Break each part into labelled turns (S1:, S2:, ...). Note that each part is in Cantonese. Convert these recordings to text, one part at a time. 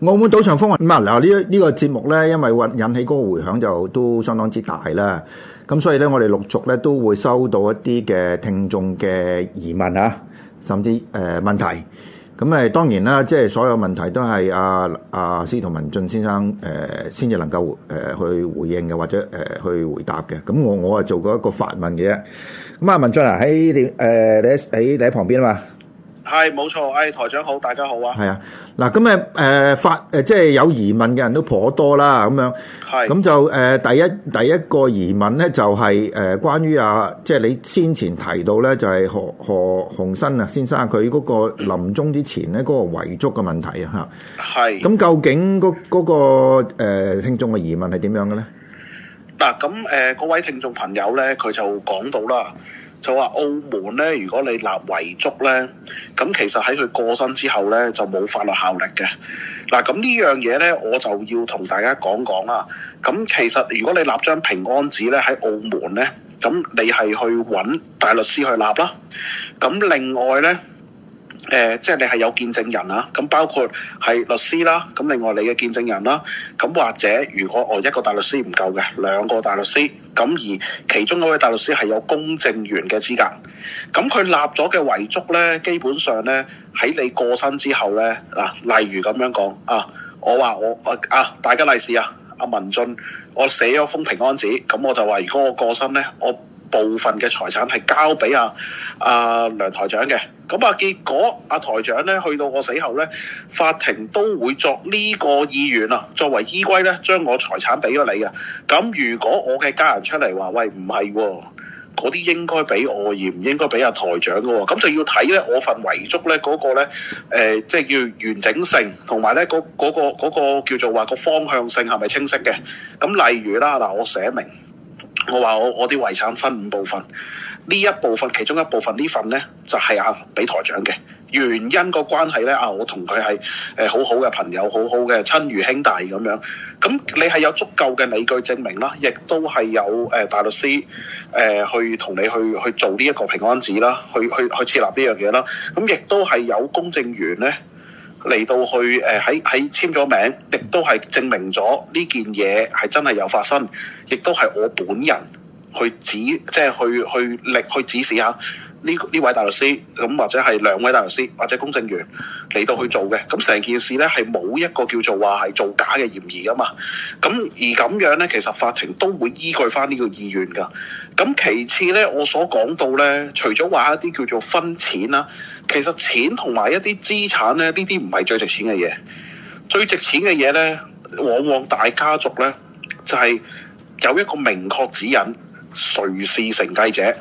S1: 澳門賭場風雲咁啊！嗱呢呢個節目咧，因為引起嗰個回響就都相當之大啦。咁所以咧，我哋陸續咧都會收到一啲嘅聽眾嘅疑問啊，甚至誒、呃、問題。咁誒，當然啦，即係所有問題都係阿阿司徒文進先生誒，先、呃、至能夠誒、呃、去回應嘅，或者誒、呃、去回答嘅。咁我我啊做過一個發問嘅啫。咁啊，文進啊，喺你誒，你喺你喺旁邊啊嘛。
S2: 係冇錯，誒、哎、
S1: 台長好，大家好啊！係啊，嗱咁誒、誒、呃、發誒、呃，即係有疑問嘅人都頗多啦，咁樣。係是。咁就誒、呃，第一第一個疑問咧，就係、是、誒、呃，關於啊，即係你先前提到咧，就係、是、何何鴻燊啊先生，佢嗰個臨終之前咧，嗰、嗯、個遺囑嘅問題啊吓。係是。咁究竟嗰、那、嗰個誒、那個呃、聽眾嘅疑問係點樣嘅咧？
S2: 嗱，咁、呃、誒，嗰、呃、位、呃呃、聽眾朋友咧，佢就講到啦。就話澳門咧，如果你立遺囑咧，咁其實喺佢過身之後咧，就冇法律效力嘅。嗱，咁呢樣嘢咧，我就要同大家講講啦。咁其實如果你立張平安紙咧喺澳門咧，咁你係去揾大律師去立啦。咁另外咧。誒、呃，即係你係有見證人啊，咁包括係律師啦，咁、啊、另外你嘅見證人啦，咁、啊、或者如果我一個大律師唔夠嘅，兩個大律師，咁、啊、而其中嗰位大律師係有公證員嘅資格，咁、啊、佢立咗嘅遺囑咧，基本上咧喺你過身之後咧，嗱、啊，例如咁樣講啊，我話我啊啊，大吉利是啊，阿文進，我寫咗封平安紙，咁、啊、我就話如果我過身咧，我部分嘅財產係交俾阿、啊。阿、啊、梁台長嘅，咁啊結果阿、啊、台長咧去到我死後咧，法庭都會作呢個意願啊，作為依歸咧，將我財產俾咗你嘅。咁、啊、如果我嘅家人出嚟話喂唔係，嗰啲應該俾我而唔應該俾阿台長嘅，咁、啊、就要睇咧我份遺囑咧嗰個咧，誒、呃、即係叫完整性，同埋咧嗰嗰個、嗰個嗰個嗰個叫做話、嗰個方向性係咪清晰嘅？咁、啊、例如啦嗱、啊，我寫明，我話我我啲遺產分五部分。呢一部分，其中一部分呢份呢，就係、是、啊俾台長嘅原因個關係呢。啊，我同佢係誒好好嘅朋友，好好嘅親如兄弟咁樣。咁你係有足夠嘅理據證明啦，亦都係有誒大律師誒、呃、去同你去去做呢一個平安紙啦，去去去設立呢樣嘢啦。咁亦都係有公證員呢嚟到去誒喺喺簽咗名，亦都係證明咗呢件嘢係真係有發生，亦都係我本人。去指即係去去力去指示下呢呢位大律師，咁或者係兩位大律師或者公證員嚟到去做嘅。咁成件事咧係冇一個叫做話係造假嘅嫌疑噶嘛。咁而咁樣咧，其實法庭都會依據翻呢個意願噶。咁其次咧，我所講到咧，除咗話一啲叫做分錢啦，其實錢同埋一啲資產咧，呢啲唔係最值錢嘅嘢。最值錢嘅嘢咧，往往大家族咧就係有一個明確指引。誰是承繼者，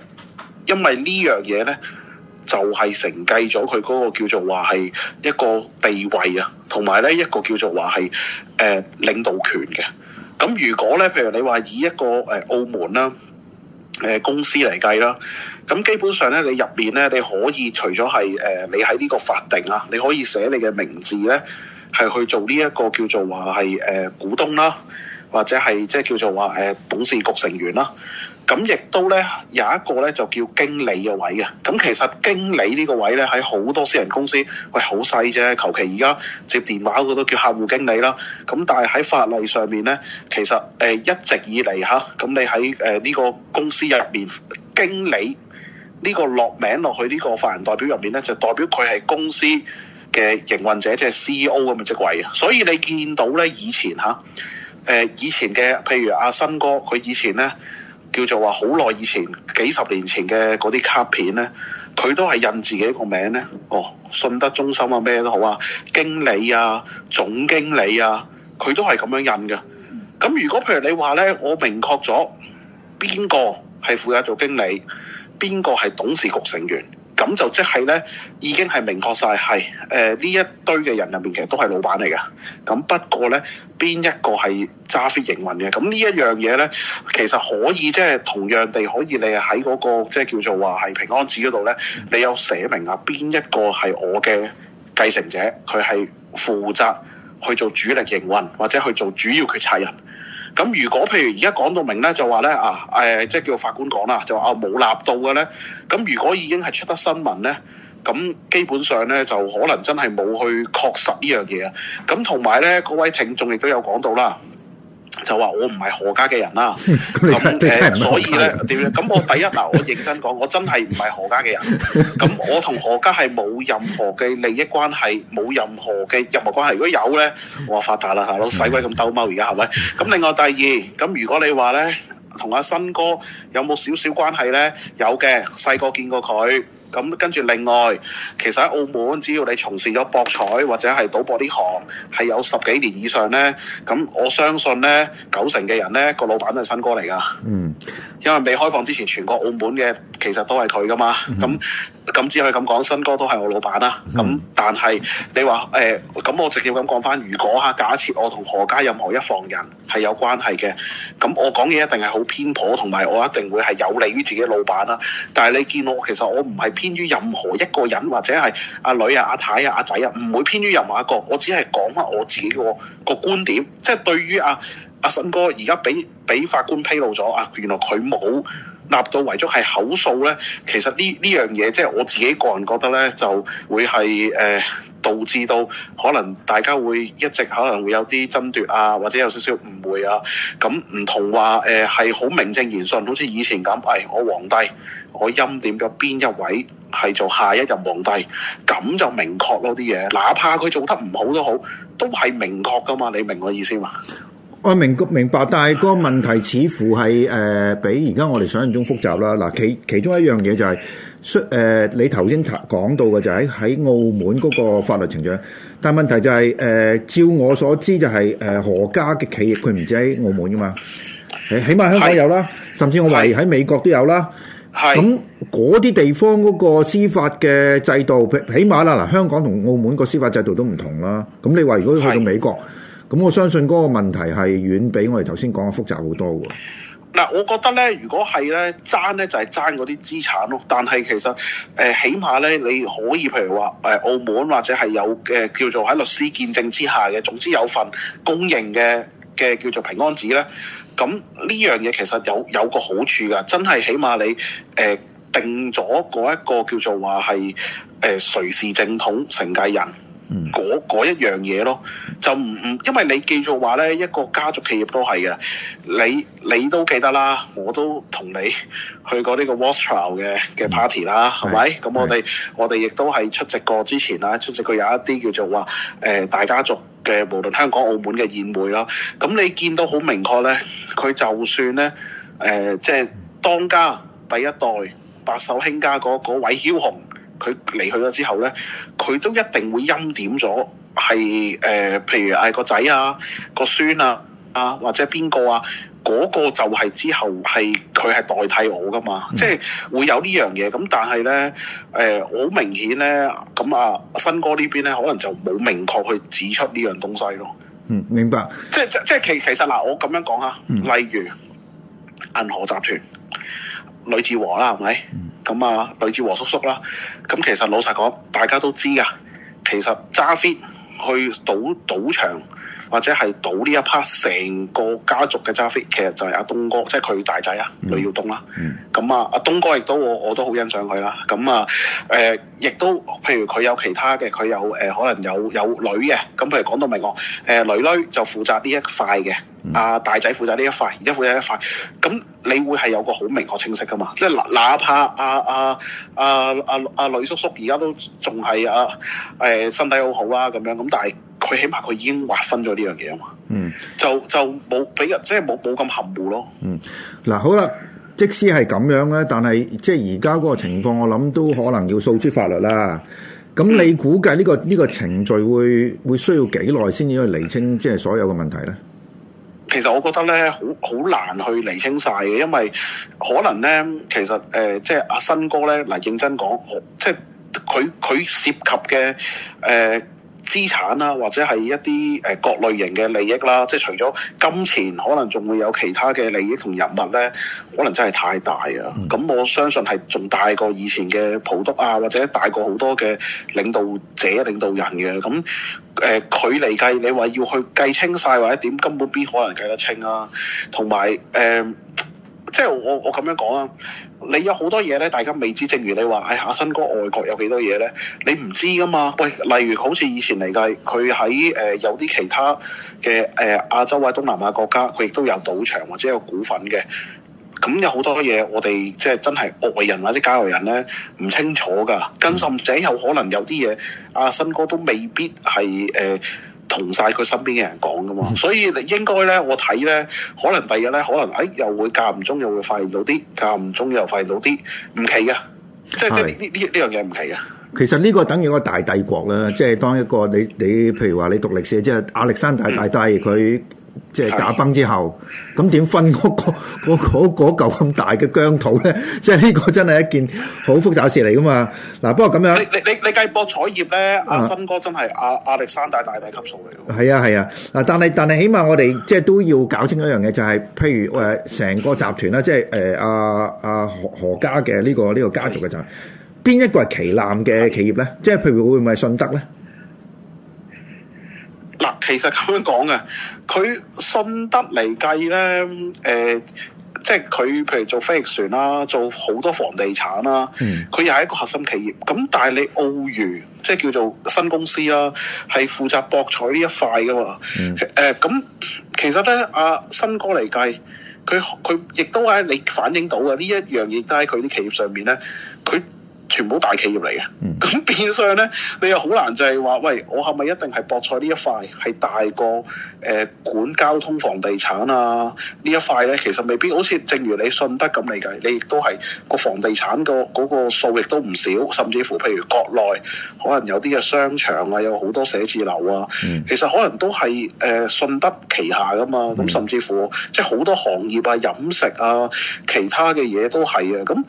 S2: 因為呢樣嘢咧，就係承繼咗佢嗰個叫做話係一個地位啊，同埋咧一個叫做話係誒領導權嘅。咁如果咧，譬如你話以一個誒、呃、澳門啦誒公司嚟計啦，咁基本上咧，你入面咧，你可以除咗係誒你喺呢個法定啊，你可以寫你嘅名字咧，係去做呢一個叫做話係誒股東啦，或者係即係叫做話誒董事局成員啦。咁亦都咧有一個咧就叫經理嘅位嘅，咁其實經理呢個位咧喺好多私人公司，喂好細啫，求其而家接電話嗰個都叫客戶經理啦。咁但係喺法例上面咧，其實誒一直以嚟嚇，咁你喺誒呢個公司入邊經理呢個落名落去呢個法人代表入面咧，就代表佢係公司嘅營運者，即係 CEO 咁嘅職位啊。所以你見到咧，以前嚇，誒以前嘅譬如阿新哥，佢以前咧。叫做話好耐以前幾十年前嘅嗰啲卡片呢，佢都係印自己個名呢。哦，信德中心啊，咩都好啊，經理啊，總經理啊，佢都係咁樣印嘅。咁如果譬如你話呢，我明確咗邊個係負責做經理，邊個係董事局成員。咁就即係咧，已經係明確晒係，誒呢、呃、一堆嘅人入邊其實都係老闆嚟嘅。咁不過咧，邊一個係揸 fit 營運嘅？咁呢一樣嘢咧，其實可以即係同樣地可以你、那個，你喺嗰個即係叫做話係平安紙嗰度咧，你有寫明啊，邊一個係我嘅繼承者，佢係負責去做主力營運或者去做主要決策人。咁如果譬如而家講到明咧，就話咧啊，誒、呃，即係叫法官講啦，就話啊冇立到嘅咧，咁如果已經係出得新聞咧，咁基本上咧就可能真係冇去確實呢樣嘢啊。咁同埋咧，各位聽眾亦都有講到啦。就話我唔係何家嘅人啦，咁所以咧點咧？咁我第一嗱，我認真講，我真係唔係何家嘅人，咁 我同何家係冇任何嘅利益關係，冇任何嘅任何關係。如果有咧，我發達啦，係咯，使鬼咁兜踎。而家，係咪？咁另外第二，咁如果你話咧，同阿新哥有冇少少關係咧？有嘅，細個見過佢。咁跟住另外，其實喺澳門，只要你從事咗博彩或者係賭博呢行，係有十幾年以上呢。咁我相信呢，九成嘅人呢個老闆都係燊哥嚟㗎。嗯，因為未開放之前，全個澳門嘅其實都係佢㗎嘛。咁、嗯哼。咁只可以咁講，新哥都係我老闆啦。咁、嗯、但係你話誒，咁、呃、我直接咁講翻，如果嚇假設我同何家任何一房人係有關係嘅，咁我講嘢一定係好偏頗，同埋我一定會係有利於自己老闆啦。但係你見我其實我唔係偏於任何一個人或者係阿女啊、阿太、太啊、阿仔啊，唔會偏於任何一個，我只係講翻我自己個、嗰個觀點。即、就、係、係、對於阿阿新哥而家俾俾法官披露咗啊，原來佢冇。立到遺囑係口述咧，其實呢呢樣嘢即係我自己個人覺得咧，就會係誒、呃、導致到可能大家會一直可能會有啲爭奪啊，或者有少少誤會啊。咁唔同話誒係好名正言順，好似以前咁，誒、哎、我皇帝我欽點咗邊一位係做下一任皇帝，咁就明確咯啲嘢，哪怕佢做得唔好都好，都係明確㗎嘛，你明我意思嘛？
S1: 我明、啊、明白，但係個問題似乎係誒、呃，比而家我哋想象中複雜啦。嗱，其其中一樣嘢就係、是，誒、呃，你頭先講到嘅就喺喺澳門嗰個法律程序。但係問題就係、是，誒、呃，照我所知就係、是，誒、呃，何家嘅企業佢唔止喺澳門噶嘛？起起碼香港有啦，是甚至我懷疑喺美國都有啦。咁嗰啲地方嗰個司法嘅制度，起起碼啦，嗱、呃，香港同澳門個司法制度都唔同啦。咁你話如果去到美國？咁我相信嗰個問題係遠比我哋頭先講嘅複雜好多㗎。
S2: 嗱，我覺得咧，如果係咧爭咧，就係爭嗰啲資產咯。但係其實誒、呃、起碼咧你可以，譬如話誒、呃、澳門或者係有嘅、呃、叫做喺律師見證之下嘅，總之有份公認嘅嘅叫做平安紙咧。咁呢樣嘢其實有有個好處噶，真係起碼你誒、呃、定咗嗰一個叫做話，係誒誰是正統承繼人。嗰、嗯、一樣嘢咯，就唔唔，因為你繼續話咧，一個家族企業都係嘅，你你都記得啦，我都同你去過呢個 Walter 嘅嘅 party 啦，係咪？咁我哋我哋亦都係出席過之前啦，出席過有一啲叫做話誒、呃、大家族嘅，無論香港、澳門嘅宴會啦，咁、嗯、你見到好明確咧，佢就算咧誒，即、呃、係、就是、當家第一代白手興家嗰位梟雄，雄。佢離去咗之後咧，佢都一定會欽點咗，係、呃、誒，譬如誒個仔啊、個孫啊、啊或者邊個啊，嗰、那個就係之後係佢係代替我噶嘛，嗯、即係會有呢樣嘢。咁但係咧，誒我好明顯咧，咁啊新哥邊呢邊咧，可能就冇明確去指出呢樣東西咯。嗯，
S1: 明白。即
S2: 即即其其實嗱，我咁樣講啊，嗯、例如銀河集團、呂志和啦，係咪？嗯咁啊，類似黃叔叔啦。咁其實老實講，大家都知噶，其實揸 fit。去賭賭場或者係賭呢一 part 成個家族嘅揸 fit，其實就係阿東哥，即係佢大仔啊，呂耀東啦。咁啊，阿東哥亦都我我都好欣賞佢啦。咁啊，誒亦都譬如佢有其他嘅，佢有誒可能有有女嘅。咁譬如講到明我誒女女就負責呢一塊嘅，阿大仔負責呢一塊，而家負責一塊。咁你會係有個好明確清晰㗎嘛？即係那哪怕阿阿阿阿阿呂叔叔而家都仲係啊，誒身體好好啊咁樣咁。但係佢起碼佢已經劃分咗呢樣嘢啊嘛，嗯，就就冇俾人即係冇冇咁含糊咯。嗯，
S1: 嗱好啦，即使係咁樣咧，但係即係而家嗰個情況，我諗都可能要訴諸法律啦。咁、嗯、你估計呢、呢個呢、呢個程序會會需要幾耐先至去釐清，即係所有嘅問題咧？
S2: 其實我覺得咧，好好難去釐清晒嘅，因為可能咧，其實誒、呃，即係阿、啊、新哥咧，嚟認真講，即係佢佢涉及嘅誒。呃資產啊，或者係一啲誒、呃、各類型嘅利益啦、啊，即係除咗金錢，可能仲會有其他嘅利益同人物咧，可能真係太大啊！咁、嗯、我相信係仲大過以前嘅葡督啊，或者大過好多嘅領導者、領導人嘅。咁誒佢嚟計，你話要去計清晒，或者點，根本邊可能計得清啊？同埋誒。呃即係我我咁樣講啊，你有好多嘢咧，大家未知。正如你話，誒、哎、阿新哥外國有幾多嘢咧？你唔知噶嘛？喂，例如好似以前嚟嘅，佢喺誒有啲其他嘅誒、呃、亞洲或者東南亞國家，佢亦都有賭場或者有股份嘅。咁有好多嘢，我哋即係真係外人或者交流人咧，唔清楚噶。跟甚者有可能有啲嘢，阿新哥都未必係誒。呃同晒佢身邊嘅人講噶嘛，所以應該咧，我睇咧，可能第二日咧，可能誒又會間唔中又會發現到啲，間唔中又發現到啲唔奇嘅，即係即係呢呢呢樣嘢唔奇嘅。
S1: 的其實呢個等於一個大帝國啦，即係當一個你你，譬如話你讀歷史，即係亞歷山大大帝佢、嗯。即係打崩之後，咁點分嗰、嗰個嗰嚿咁大嘅疆土咧？ 即係呢個真係一件好複雜事嚟噶嘛？嗱、啊，不過咁樣，你你你
S2: 計博彩業咧、啊啊，阿燊哥真係壓壓力山大，大
S1: 大級數嚟嘅。係啊係啊，嗱、啊，但係但係起碼我哋即係都要搞清一樣嘢，就係、是、譬如誒，成個集團啦，即係誒阿阿何何家嘅呢、呢個呢、呢個家族嘅就係邊一個係旗艦嘅企業咧？的即係譬如會唔會係信德咧？
S2: 其實咁樣講嘅，佢信德嚟計咧，誒、呃，即係佢譬如做飛翼船啦、啊，做好多房地產啦、啊，佢又係一個核心企業。咁但係你澳娛，即係叫做新公司啦、啊，係負責博彩呢一塊噶嘛。誒、嗯、咁、呃、其實咧，阿、啊、燊哥嚟計，佢佢亦都喺你反映到嘅呢一樣嘢，都喺佢啲企業上面咧，佢。全部大企業嚟嘅，咁、嗯、變相咧，你又好難就係話，喂，我係咪一定係博彩呢一塊係大過誒、呃、管交通、房地產啊呢一塊咧？其實未必，好似正如你信德咁嚟計，你亦都係個房地產個嗰個數亦都唔少，甚至乎譬如國內可能有啲嘅商場啊，有好多寫字樓啊，嗯、其實可能都係誒信德旗下噶嘛，咁、嗯、甚至乎即係好多行業啊、飲食啊、其他嘅嘢都係啊，咁。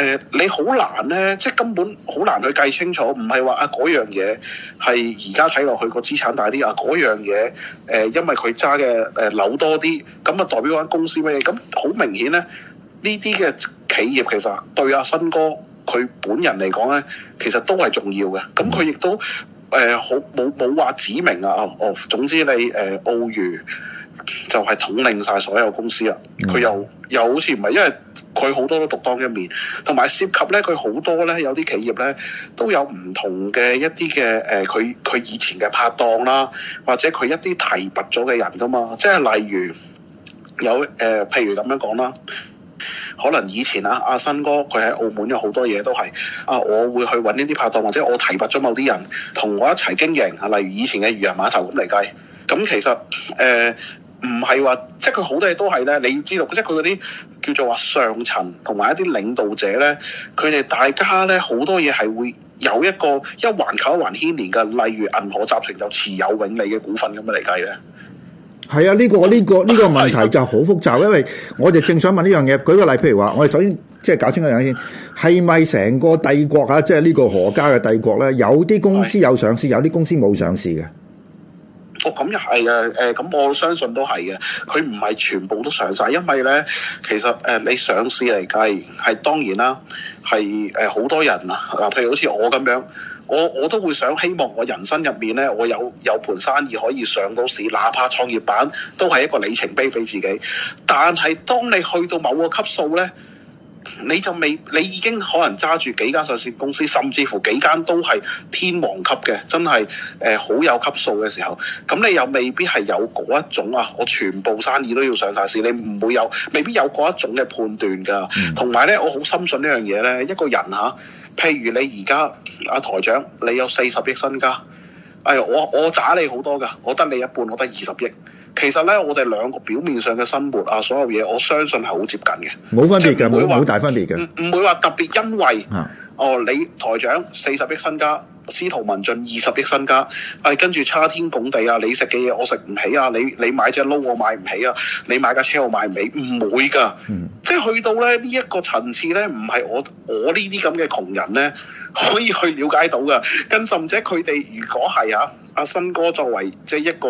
S2: 誒、呃、你好難咧，即係根本好難去計清楚，唔係話啊嗰樣嘢係而家睇落去個資產大啲啊，嗰樣嘢誒、呃，因為佢揸嘅誒樓多啲，咁啊代表間公司咩？咁好明顯咧，呢啲嘅企業其實對阿、啊、燊哥佢本人嚟講咧，其實都係重要嘅。咁佢亦都誒、呃、好冇冇話指明啊、哦！哦，總之你誒澳娛。呃就係統領晒所有公司啊！佢又又好似唔係，因為佢好多都獨當一面，同埋涉及咧，佢好多咧有啲企業咧都有唔同嘅一啲嘅誒，佢、呃、佢以前嘅拍檔啦，或者佢一啲提拔咗嘅人噶嘛，即係例如有誒、呃，譬如咁樣講啦，可能以前啊，阿新哥佢喺澳門有好多嘢都係啊，我會去搵呢啲拍檔，或者我提拔咗某啲人同我一齊經營啊，例如以前嘅漁人碼頭咁嚟計，咁其實誒。呃唔係話，即係佢好多嘢都係咧。你要知道，即係佢嗰啲叫做話上層同埋一啲領導者咧，佢哋大家咧好多嘢係會有一個一環扣一環牽連嘅。例如銀河集團就持有永利嘅股份咁樣嚟計咧。
S1: 係啊，呢個呢個呢個問題就好複雜， 因為我哋正想問呢樣嘢。舉個例，譬如話，我哋首先即係搞清楚一樣先，係咪成個帝國啊？即係呢個何家嘅帝國咧，有啲公司有上市，有啲公司冇上市嘅。
S2: 哦，咁又係啊，誒、欸，咁我相信都係嘅。佢唔係全部都上晒，因為咧，其實誒、呃，你上市嚟計，係當然啦，係誒，好、呃、多人啊，嗱，譬如好似我咁樣，我我都會想希望我人生入面咧，我有有盤生意可以上到市，哪怕創業板都係一個里程碑俾自己。但係當你去到某個級數咧，你就未，你已經可能揸住幾間上市公司，甚至乎幾間都係天王級嘅，真係誒好有級數嘅時候，咁你又未必係有嗰一種啊！我全部生意都要上晒市，你唔會有，未必有嗰一種嘅判斷㗎。同埋咧，我好深信呢樣嘢咧，一個人吓，譬如你而家阿台長，你有四十億身家，哎呀，我我差你好多㗎，我得你一半，我得二十億。其實咧，我哋兩個表面上嘅生活啊，所有嘢，我相信係好接近嘅，
S1: 冇分別嘅，冇好大分別嘅，唔
S2: 唔會話特別因為哦，你台長四十億身家，司徒文進二十億身家，誒、啊、跟住差天共地啊！你食嘅嘢我食唔起啊！你你買隻撈我買唔起啊！你買架車我買唔起，唔會噶，嗯、即係去到咧呢一、這個層次咧，唔係我我呢啲咁嘅窮人咧可以去了解到噶，跟甚至佢哋如果係呀阿新哥作為即係一個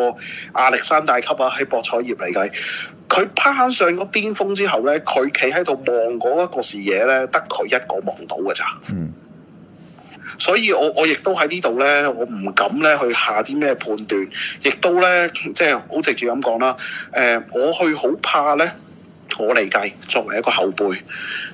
S2: 亞歷山大級啊，喺博彩業嚟計。佢攀上個巔峰之後咧，佢企喺度望嗰一個視野咧，得佢一個望到㗎咋。嗯。所以我，我我亦都喺呢度咧，我唔敢咧去下啲咩判斷，亦都咧即係好直接咁講啦。誒、呃，我去好怕咧，我理解作為一個後輩，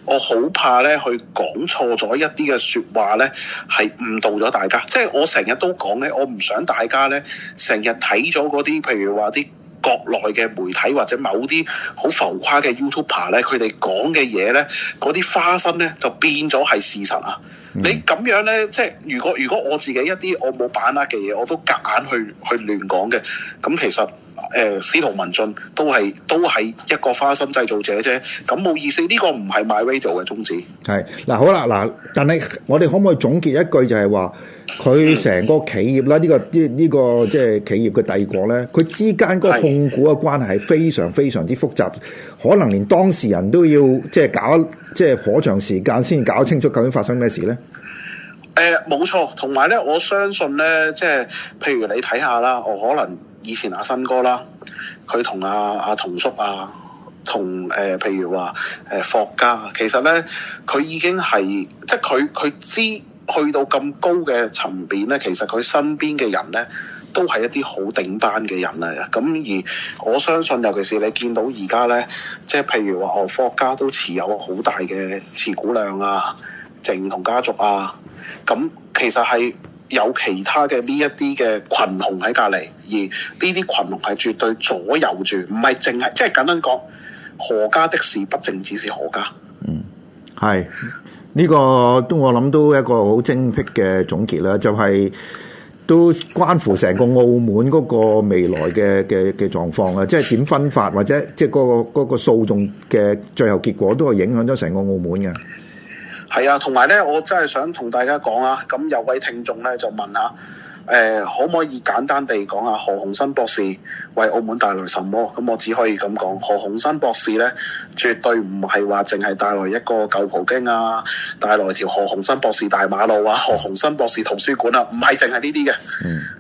S2: 我好怕咧去講錯咗一啲嘅説話咧，係誤導咗大家。即係我成日都講咧，我唔想大家咧成日睇咗嗰啲，譬如話啲。國內嘅媒體或者某啲好浮誇嘅 YouTuber 咧，佢哋講嘅嘢咧，嗰啲花心咧就變咗係事實啊！你咁樣咧，即係如果如果我自己一啲我冇把握嘅嘢，我都夾硬去去亂講嘅，咁其實。誒，司徒文進都係都係一個花生製造者啫，咁冇意思。呢、這個唔係 MyRadio 嘅宗旨。
S1: 係嗱，好啦，嗱，但係我哋可唔可以總結一句就，就係話佢成個企業啦，呢、嗯這個呢、這個即係、這個這個這個、企業嘅帝國咧，佢之間個控股嘅關係係非常非常之複雜，是可能連當事人都要即係搞即係頗長時間先搞清楚究竟發生咩事咧。
S2: 誒、呃，冇錯。同埋咧，我相信咧，即係譬如你睇下啦，我可能。以前阿燊哥啦，佢同阿阿彤叔啊，同誒、啊呃、譬如話誒、呃、霍家，其實咧佢已經係即係佢佢知去到咁高嘅層面咧，其實佢身邊嘅人咧都係一啲好頂班嘅人嚟嘅。咁、啊、而我相信，尤其是你見到而家咧，即係譬如話哦、呃，霍家都持有好大嘅持股量啊，鄭同家族啊，咁、嗯、其實係。有其他嘅呢一啲嘅群雄喺隔籬，而呢啲群雄係絕對左右住，唔係淨係即係簡單講何家的事，不淨只是
S1: 何家。嗯，係呢個都我諗都一個好精辟嘅總結啦，就係都關乎成個澳門嗰個未來嘅嘅嘅狀況啊！即係點分發或者即係嗰個嗰個訴訟嘅最後結果，都係影響咗成個澳門嘅。
S2: 係啊，同埋咧，我真係想同大家講啊！咁有位聽眾咧就問下，誒、呃、可唔可以簡單地講下何鴻燊博士為澳門帶來什麼？咁我只可以咁講，何鴻燊博士咧，絕對唔係話淨係帶來一個舊葡京啊，帶來條何鴻燊博士大馬路啊，何鴻燊博士圖書館啊，唔係淨係呢啲嘅。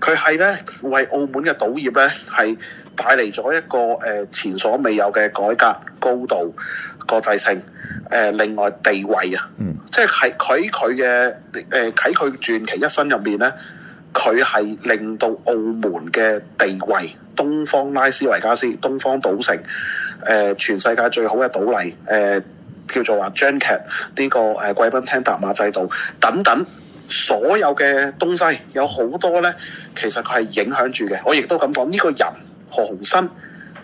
S2: 佢係咧為澳門嘅賭業咧係帶嚟咗一個誒、呃、前所未有嘅改革高度。國際性，誒、呃，另外地位啊，嗯、即係喺佢嘅誒喺佢傳奇一生入面咧，佢係令到澳門嘅地位，東方拉斯維加斯、東方賭城，誒、呃，全世界最好嘅賭例，誒、呃，叫做話 Junket 呢個誒貴賓廳疊碼制度等等，所有嘅東西有好多咧，其實佢係影響住嘅。我亦都咁講，呢個人何鴻燊。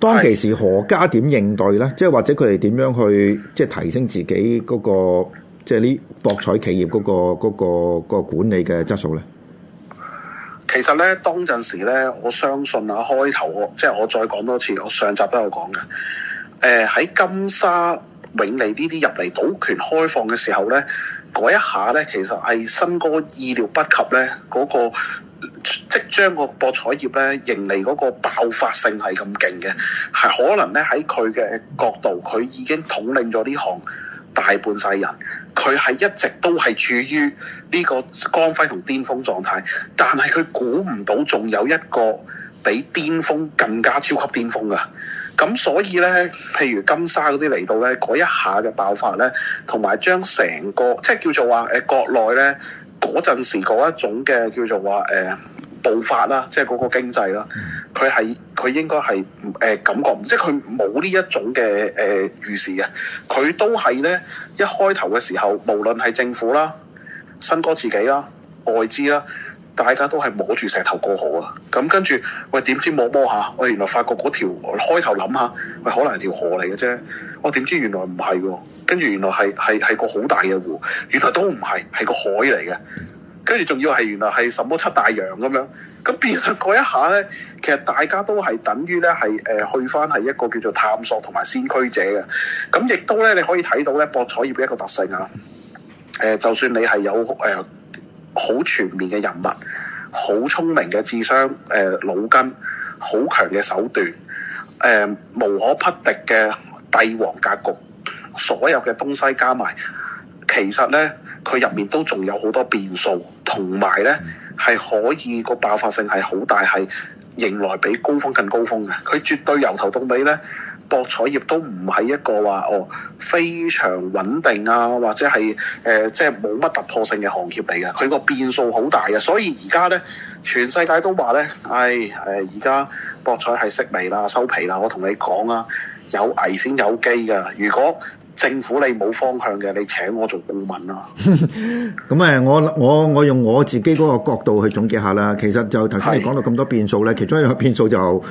S1: 當其時何家點應對呢？即係或者佢哋點樣去即係提升自己嗰個即係呢博彩企業嗰個嗰個嗰個管理嘅質素呢？
S2: 其實呢，當陣時呢，我相信啊，開頭我即係我再講多次，我上集都有講嘅。誒、呃，喺金沙永利呢啲入嚟賭權開放嘅時候呢，嗰一下呢，其實係燊哥意料不及呢嗰個。即將個博彩業咧迎嚟嗰個爆發性係咁勁嘅，係可能咧喺佢嘅角度，佢已經統領咗呢行大半世人，佢係一直都係處於呢個光輝同巔峰狀態。但係佢估唔到仲有一個比巔峰更加超級巔峰嘅，咁所以咧，譬如金沙嗰啲嚟到咧，嗰一下嘅爆發咧，同埋將成個即係叫做話誒國內咧。嗰陣時嗰一種嘅叫做話誒、呃、步伐啦，即係嗰個經濟啦，佢係佢應該係誒、呃、感覺唔，即係佢冇呢一種嘅誒預示嘅，佢、呃、都係咧一開頭嘅時候，無論係政府啦、燊哥自己啦、外資啦，大家都係摸住石頭過河啊！咁跟住喂，點知摸摸下，我原來發覺嗰條開頭諗下，喂，可能係條河嚟嘅啫，我點知原來唔係喎。跟住原來係係係個好大嘅湖，原來都唔係，係個海嚟嘅。跟住仲要係原來係什麼七大洋咁樣，咁變實嗰一下咧，其實大家都係等於咧係誒去翻係一個叫做探索同埋先驅者嘅。咁亦都咧，你可以睇到咧博彩業嘅一個特性啊。誒、呃，就算你係有誒好、呃、全面嘅人物，好聰明嘅智商，誒腦筋，好強嘅手段，誒、呃、無可匹敵嘅帝王格局。所有嘅東西加埋，其實咧佢入面都仲有好多變數，同埋咧係可以個爆發性係好大，係迎來比高峰更高峰嘅。佢絕對由頭到尾咧，博彩業都唔係一個話哦，非常穩定啊，或者係誒即係冇乜突破性嘅行業嚟嘅。佢個變數好大嘅，所以而家咧全世界都話咧，唉誒而家博彩係息微啦、收皮啦。我同你講啊，有危先有機㗎。如果政府你冇方向嘅，你請我做
S1: 顧問啊。咁誒， 我我我用我自己嗰個角度去總結下啦。其實就頭先你講到咁多變數咧，的其中一個變數就係、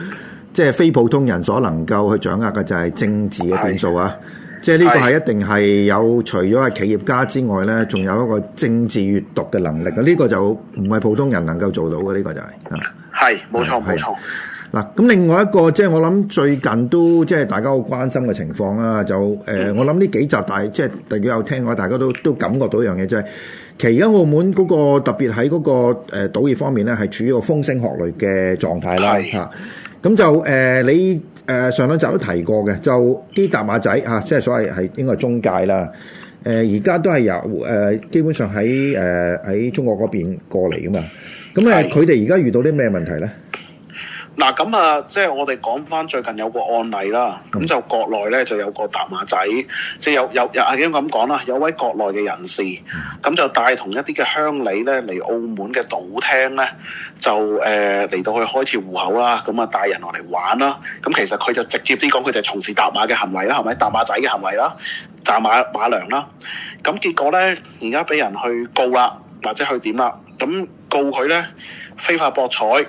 S1: 即係非普通人所能夠去掌握嘅，就係政治嘅變數啊。的即係呢個係一定係有的除咗係企業家之外咧，仲有一個政治閲讀嘅能力啊。呢、呢個就唔係普通人能夠做到嘅，呢、呢個就係、係、啊。係，冇錯冇錯。嗱，咁另外一個即係我諗最近都即係大家好關心嘅情況啦，就誒、呃，我諗呢幾集大即係大家有聽嘅，大家都都感覺到一樣嘢，即、就、係、是、其實而家澳門嗰個特別喺嗰個誒賭、呃、業方面咧，係處於個風聲鶴唳嘅狀態啦。係咁的、啊、就誒、呃、你誒、呃、上兩集都提過嘅，就啲疊碼仔啊，即係所謂係應該係中介啦。誒而家都係由誒、呃、基本上喺誒喺中國嗰邊、呃呃呃呃、過嚟㗎嘛。咁咧，佢哋而家遇到啲咩問題咧？
S2: 嗱，咁啊，即係我哋講返最近有個案例啦。咁、嗯、就國內咧就有個疊碼仔，即係有有阿咁講啦，有位國內嘅人士，咁、嗯、就帶同一啲嘅鄉里咧嚟澳門嘅賭廳咧，就誒嚟、呃、到去開設戶口啦。咁啊，啊，帶人落嚟玩啦。咁、啊啊、其實佢就直接啲講，佢就從事疊碼嘅行為啦，係咪疊碼仔嘅行為啦？疊碼碼糧啦。咁、啊啊、結果咧，而家俾人去告啦。或者去點啦？咁告佢咧非法博彩，咁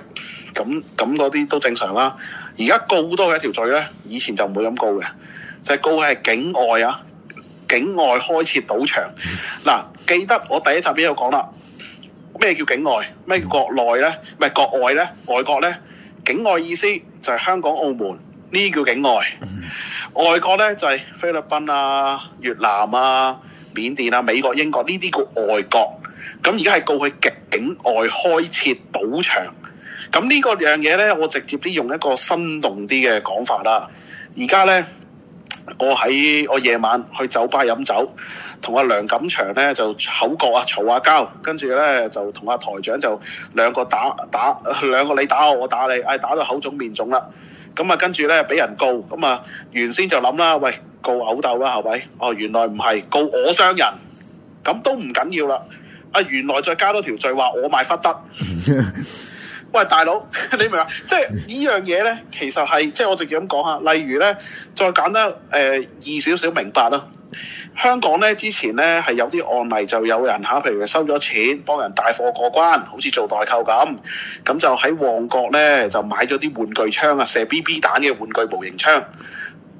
S2: 咁嗰啲都正常啦。而家告多嘅一條罪咧，以前就唔會咁告嘅，就係告係境外啊，境外開設賭場。嗱，記得我第一集邊有講啦，咩叫境外？咩叫國內咧？咩叫國外咧，外國咧，境外意思就係香港、澳門呢啲叫境外，外國咧就係菲律賓啊、越南啊、緬甸啊、美國、英國呢啲叫外國。咁而家係告佢極境外開設賭場，咁呢個樣嘢呢，我直接啲用一個生動啲嘅講法啦。而家呢，我喺我夜晚去酒吧飲酒，同阿梁錦祥呢就口角啊，嘈下交，跟住呢就同阿台長就兩個打打，兩個你打我，我打你，哎打到口腫面腫啦。咁啊跟住呢俾人告，咁啊原先就諗啦，喂告毆鬥啦，係咪？哦原來唔係，告我傷人，咁都唔緊要啦。啊，原來再加多條罪話我賣忽得， 喂大佬，你明嘛？即係呢樣嘢咧，其實係即係我直接咁講下。例如咧，再簡單誒、呃、易少少明白啦。香港咧之前咧係有啲案例，就有人吓，譬如收咗錢幫人帶貨過關，好似做代購咁，咁就喺旺角咧就買咗啲玩具槍啊，射 B B 彈嘅玩具模型槍，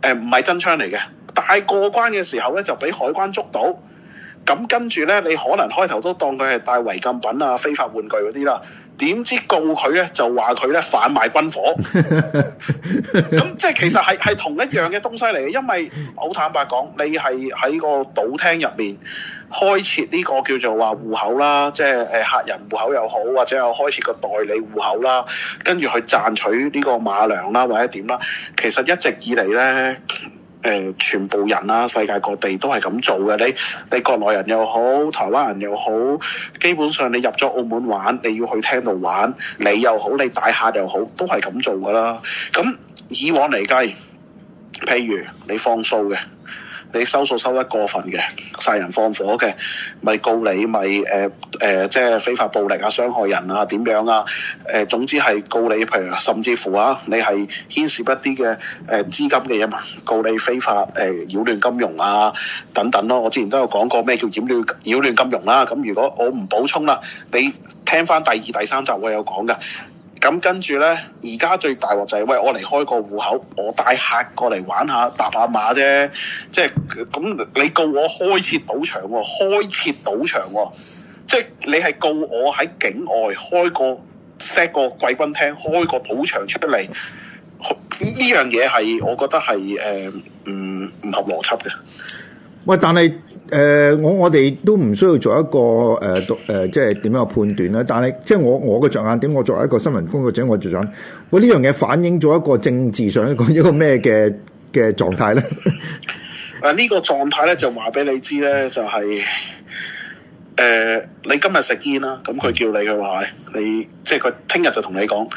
S2: 誒唔係真槍嚟嘅，但係過關嘅時候咧就俾海關捉到。咁跟住咧，你可能開頭都當佢係帶違禁品啊、非法玩具嗰啲啦，點知告佢咧就話佢咧販賣軍火，咁 即係其實係係同一樣嘅東西嚟嘅，因為好坦白講，你係喺個賭廳入面開設呢個叫做話戶口啦，即係誒客人戶口又好，或者又開設個代理戶口啦，跟住去賺取呢個馬糧啦或者點啦，其實一直以嚟咧。誒、呃、全部人啦，世界各地都係咁做嘅。你你國內人又好，台灣人又好，基本上你入咗澳門玩，你要去廳度玩，你又好，你大客又好，都係咁做㗎啦。咁以往嚟計，譬如你放數嘅。你收數收得過分嘅，殺人放火嘅，咪、OK，告你咪誒誒，即係非法暴力啊，傷害人啊，點樣啊？誒、呃，總之係告你，譬如甚至乎啊，你係牽涉一啲嘅誒資金嘅嘢，告你非法誒、呃、擾亂金融啊等等咯。我之前都有講過咩叫擾亂擾亂金融啦、啊。咁如果我唔補充啦，你聽翻第二、第三集我有講㗎。咁跟住咧，而家最大鑊就係，喂，我嚟開個戶口，我帶客過嚟玩下，搭下馬啫，即係咁，你告我開設賭場喎，開設賭場喎，即係你係告我喺境外開個 set 個貴賓廳，開個賭場出得嚟，呢樣嘢係我覺得係誒，唔、呃、唔合邏輯嘅。
S1: 喂，但係誒、呃，我我哋都唔需要做一個誒誒、呃呃，即係點樣嘅判斷咧？但係即係我我嘅着眼點，我作為一個新聞工作者，我就想，喂呢樣嘢反映咗一個政治上一個一個咩嘅嘅狀態咧？
S2: 呢啊，呢、呢個狀態咧就話俾你知咧，就係、是、誒、
S1: 呃，
S2: 你今日食煙啦，咁佢叫你嘅話，你即係佢聽日就同你講。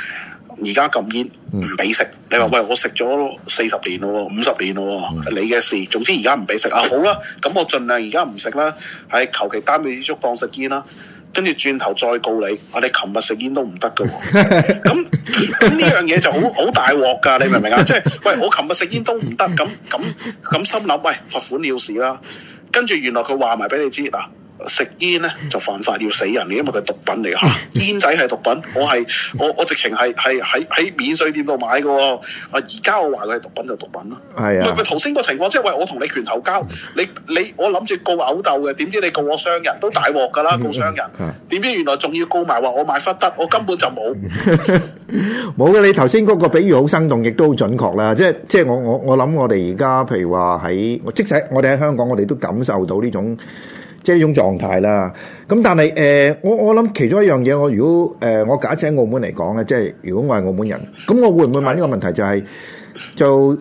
S2: 而家禁煙唔俾食，你話喂我食咗四十年咯，五十年咯，嗯、你嘅事。總之而家唔俾食啊，好啦，咁我盡量而家唔食啦，係求其擔起啲竹當食煙啦，跟住轉頭再告你，我哋琴日食煙都唔得㗎，咁咁呢樣嘢就好好大鑊㗎，你明唔明啊？ 即係喂我琴日食煙都唔得，咁咁咁心諗喂罰款了事啦，跟住原來佢話埋俾你知嗱。食煙咧就犯法要死人嘅，因為佢係毒品嚟嘅。 煙仔係毒品，我係我我直情係係喺喺免稅店度買嘅。啊！而家我話佢係毒品就毒品咯，係啊！唔係頭先個情況，即係喂我同你拳頭交，你你我諗住告毆鬥嘅，點知你告我傷人，都大鑊㗎啦，告傷人。點知 原來仲要告埋話我賣忽得，我根本就冇
S1: 冇嘅。你頭先嗰個比喻好生動，亦都好準確啦。即係即係我我我諗，我哋而家譬如話喺，即使我哋喺香港，我哋都感受到呢種。即係呢種狀態啦。咁但係誒，我我諗其中一樣嘢，我如果誒，我假設喺澳門嚟講咧，即係如果我係澳門人，咁我會唔會問呢個問題？就係就誒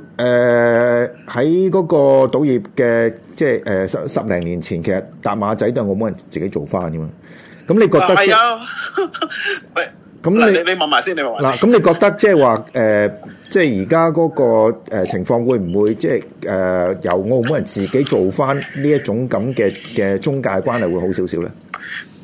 S1: 喺嗰個賭業嘅，即係誒十十零年前，其實疊碼仔都係澳門人自己做翻嘅嘛。咁你覺得？係啊。喂，咁
S2: 你你問埋先，你咪
S1: 話先。嗱，咁你覺得即係話誒？即係而家嗰個誒、呃、情況會唔會即係誒、呃、由澳門人自己做返呢一種咁嘅嘅中介關係會好少少咧？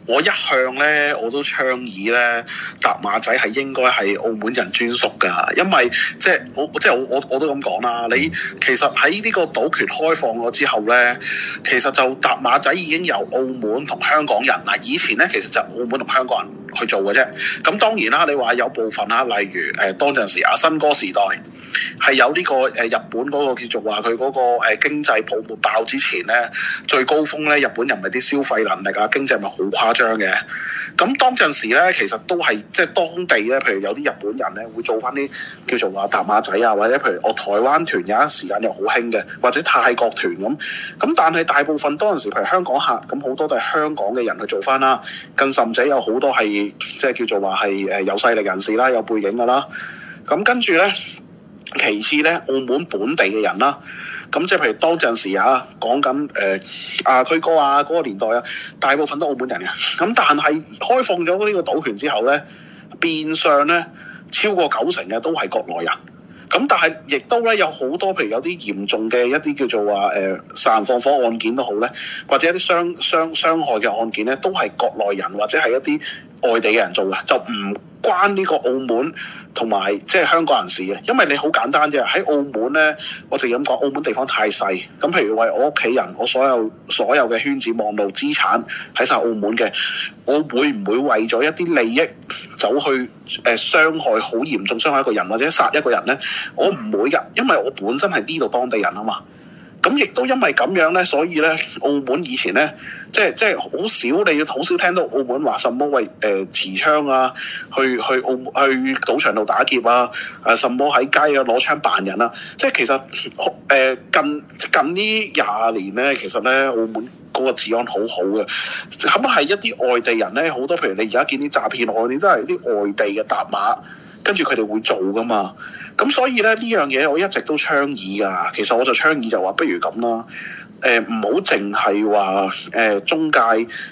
S2: 我一向咧，我都倡議咧，疊碼仔係應該係澳門人專屬㗎，因為即係我即我即係我我我都咁講啦。你其實喺呢個賭權開放咗之後咧，其實就疊碼仔已經由澳門同香港人嗱，以前咧其實就澳門同香港人去做嘅啫。咁當然啦，你話有部分啦，例如誒當陣時阿新哥時代。係有呢個誒日本嗰個叫做話佢嗰個誒經濟泡沫爆之前咧最高峰咧，日本人咪啲消費能力啊，經濟咪好誇張嘅。咁當陣時咧，其實都係即係當地咧，譬如有啲日本人咧會做返啲叫做話疊碼仔啊，或者譬如我台灣團有一時間又好興嘅，或者泰國團咁。咁但係大部分當陣時，譬如香港客咁好多都係香港嘅人去做返啦。更甚者有好多係即係叫做話係誒有勢力人士啦，有背景㗎啦。咁跟住咧。其次咧，澳門本地嘅人啦、啊，咁即係譬如當陣時啊，講緊誒、呃、啊，區哥啊嗰、那個年代啊，大部分都澳門人嘅。咁但係開放咗呢個賭權之後咧，變相咧超過九成嘅都係國內人。咁但係亦都咧有好多譬如有啲嚴重嘅一啲叫做話、啊、誒、呃、殺人放火案件都好咧，或者一啲傷傷傷害嘅案件咧，都係國內人或者係一啲外地嘅人做嘅，就唔關呢個澳門。同埋即係香港人士嘅，因為你好簡單啫，喺澳門咧，我就咁講，澳門地方太細。咁譬如話我屋企人，我所有所有嘅圈子、網絡資產喺晒澳門嘅，我會唔會為咗一啲利益走去誒、呃、傷害好嚴重傷害一個人或者殺一個人咧？我唔會噶，因為我本身係呢度當地人啊嘛。咁亦都因為咁樣咧，所以咧，澳門以前咧，即係即係好少，你要好少聽到澳門話什麼喂，誒、呃、持槍啊，去去澳去賭場度打劫啊，啊什麼喺街啊攞槍扮人啊，即係其實誒、呃、近近呢廿年咧，其實咧，澳門嗰個治安好好嘅，咁係一啲外地人咧，好多譬如你而家見啲詐騙案，你都係啲外地嘅搭馬，跟住佢哋會做㗎嘛。咁所以咧呢樣嘢我一直都倡議㗎，其實我就倡議就話不如咁啦，誒唔好淨係話誒中介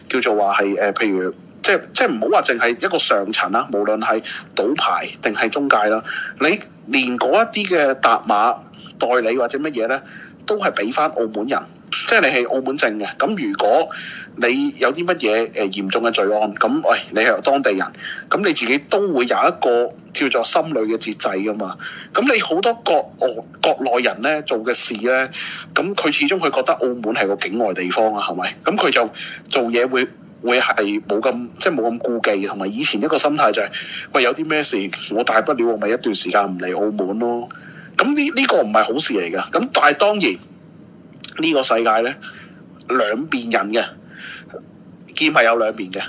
S2: 叫做話係誒譬如即即唔好話淨係一個上層啦，無論係賭牌定係中介啦，你連嗰一啲嘅疊碼代理或者乜嘢咧，都係俾翻澳門人，即係你係澳門證嘅，咁如果。你有啲乜嘢誒嚴重嘅罪案咁？喂、哎，你係當地人，咁你自己都會有一個叫做心裏嘅節制噶嘛？咁你好多國澳國內人咧做嘅事咧，咁佢始終佢覺得澳門係個境外地方啊，係咪？咁佢就做嘢會會係冇咁即係冇咁顧忌，同埋以前一個心態就係、是、喂有啲咩事，我大不了我咪一段時間唔嚟澳門咯。咁呢呢個唔係好事嚟噶。咁但係當然呢、呢個世界咧兩邊人嘅。見係有兩面嘅，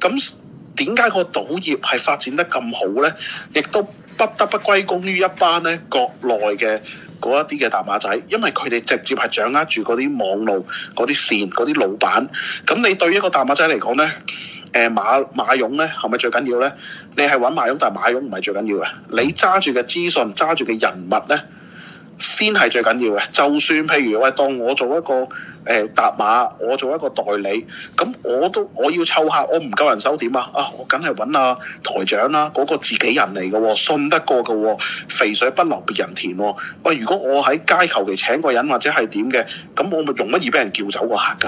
S2: 咁點解個賭業係發展得咁好咧？亦都不得不歸功於一班咧國內嘅嗰一啲嘅疊碼仔，因為佢哋直接係掌握住嗰啲網路、嗰啲線、嗰啲老闆。咁你對於一個疊碼仔嚟講咧，誒馬馬勇咧係咪最緊要咧？你係揾馬勇，但係馬勇唔係最緊要嘅，你揸住嘅資訊、揸住嘅人物咧，先係最緊要嘅。就算譬如喂，當我做一個。誒、呃、搭馬，我做一個代理，咁我都我要湊客，我唔夠人手點啊？啊，我梗係揾啊台長啦、啊，嗰、那個自己人嚟嘅喎，信得過嘅喎、哦，肥水不流別人田喎、哦。喂，如果我喺街求其請個人或者係點嘅，咁我咪容乜易俾人叫走個客㗎？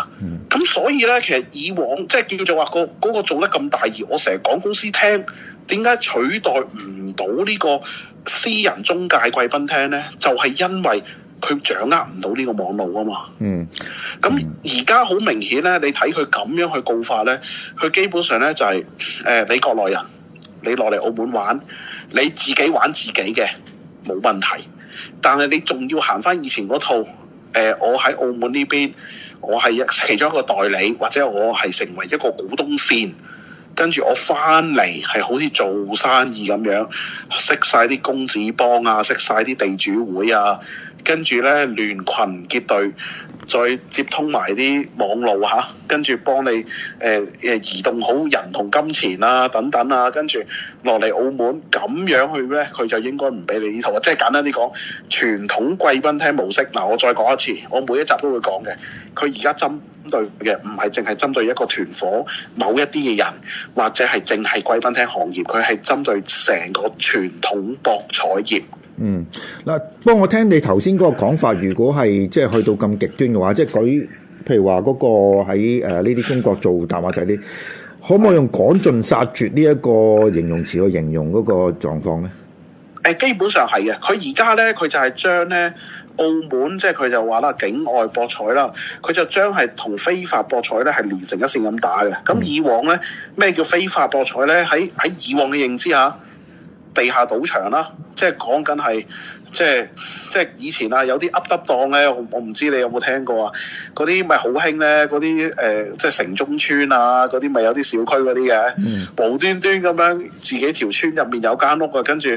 S2: 咁、嗯、所以呢，其實以往即係叫做話、那個嗰、那個做得咁大熱，我成日講公司廳，點解取代唔到呢個私人中介貴賓廳呢？就係、是、因為。佢掌握唔到呢個網路啊嘛，嗯，咁而家好明顯咧，你睇佢咁樣去告法咧，佢基本上咧就係、是，誒、呃、你國內人，你落嚟澳門玩，你自己玩自己嘅，冇問題，但係你仲要行翻以前嗰套，誒、呃、我喺澳門呢邊，我係一其中一個代理，或者我係成為一個股東先，跟住我翻嚟係好似做生意咁樣，識晒啲公子幫啊，識晒啲地主會啊。跟住咧，聯群結隊，再接通埋啲網路嚇，跟住幫你誒誒、呃、移動好人同金錢啊等等啊，跟住落嚟澳門咁樣去咧，佢就應該唔俾你呢套啊！即係簡單啲講，傳統貴賓廳模式，嗱我再講一次，我每一集都會講嘅，佢而家針。針對嘅唔係淨係針對一個團伙某一啲嘅人，或者係淨係貴賓廳行業，佢係針對成個傳統博彩業。
S1: 嗯，嗱，不過我聽你頭先嗰個講法，如果係即係去到咁極端嘅話，即係佢，譬如話嗰個喺誒呢啲中國做，疊碼仔啲，可唔可以用趕盡殺絕呢一個形容詞去形容嗰個狀況咧？
S2: 誒、呃，基本上係嘅，佢而家咧，佢就係將咧。澳門即係佢就話啦，境外博彩啦，佢就將係同非法博彩呢係連成一線咁打嘅。咁以往呢咩叫非法博彩呢？喺喺以往嘅認知下，地下賭場啦，即係講緊係。即係即係以前啊，有啲噏噏檔咧，我唔知你有冇聽過啊？嗰啲咪好興咧，嗰啲誒即係城中村啊，嗰啲咪有啲小區嗰啲嘅，嗯、無端端咁樣自己條村入面有間屋啊，跟住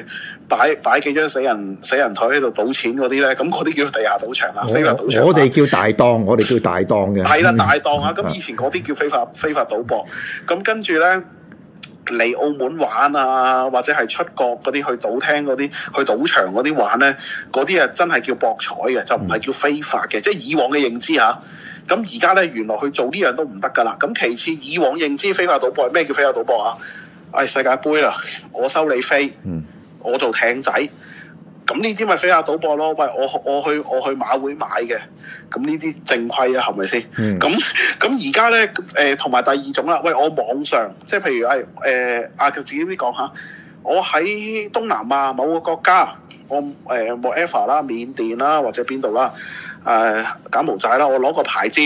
S2: 擺擺幾張死人死人台喺度賭錢嗰啲咧，咁嗰啲叫地下賭場啊，非法我賭場。我哋叫
S1: 大檔，我哋叫大檔嘅。係啦，大檔啊！咁 以前
S2: 嗰啲叫非法非法賭博，咁跟住咧。嚟澳門玩啊，或者係出國嗰啲去賭廳嗰啲，去賭場嗰啲玩咧，嗰啲啊真係叫博彩嘅，就唔係叫非法嘅。即係以往嘅認知嚇、啊。咁而家咧，原來去做呢樣都唔得噶啦。咁其次，以往認知非法賭博係咩叫非法賭博啊？係、哎、世界盃啊，我收你飛，嗯、我做艇仔。咁呢啲咪飛下賭博咯，喂，我我去我去馬會買嘅，咁呢啲正規啊，係咪先？咁咁而家咧，誒同埋第二種啦，喂，我網上，即係譬如係誒阿強自己講下，我喺東南亞某個國家，我冇誒莫埃佛啦、緬甸啦或者邊度啦，誒柬埔寨啦，我攞個牌照，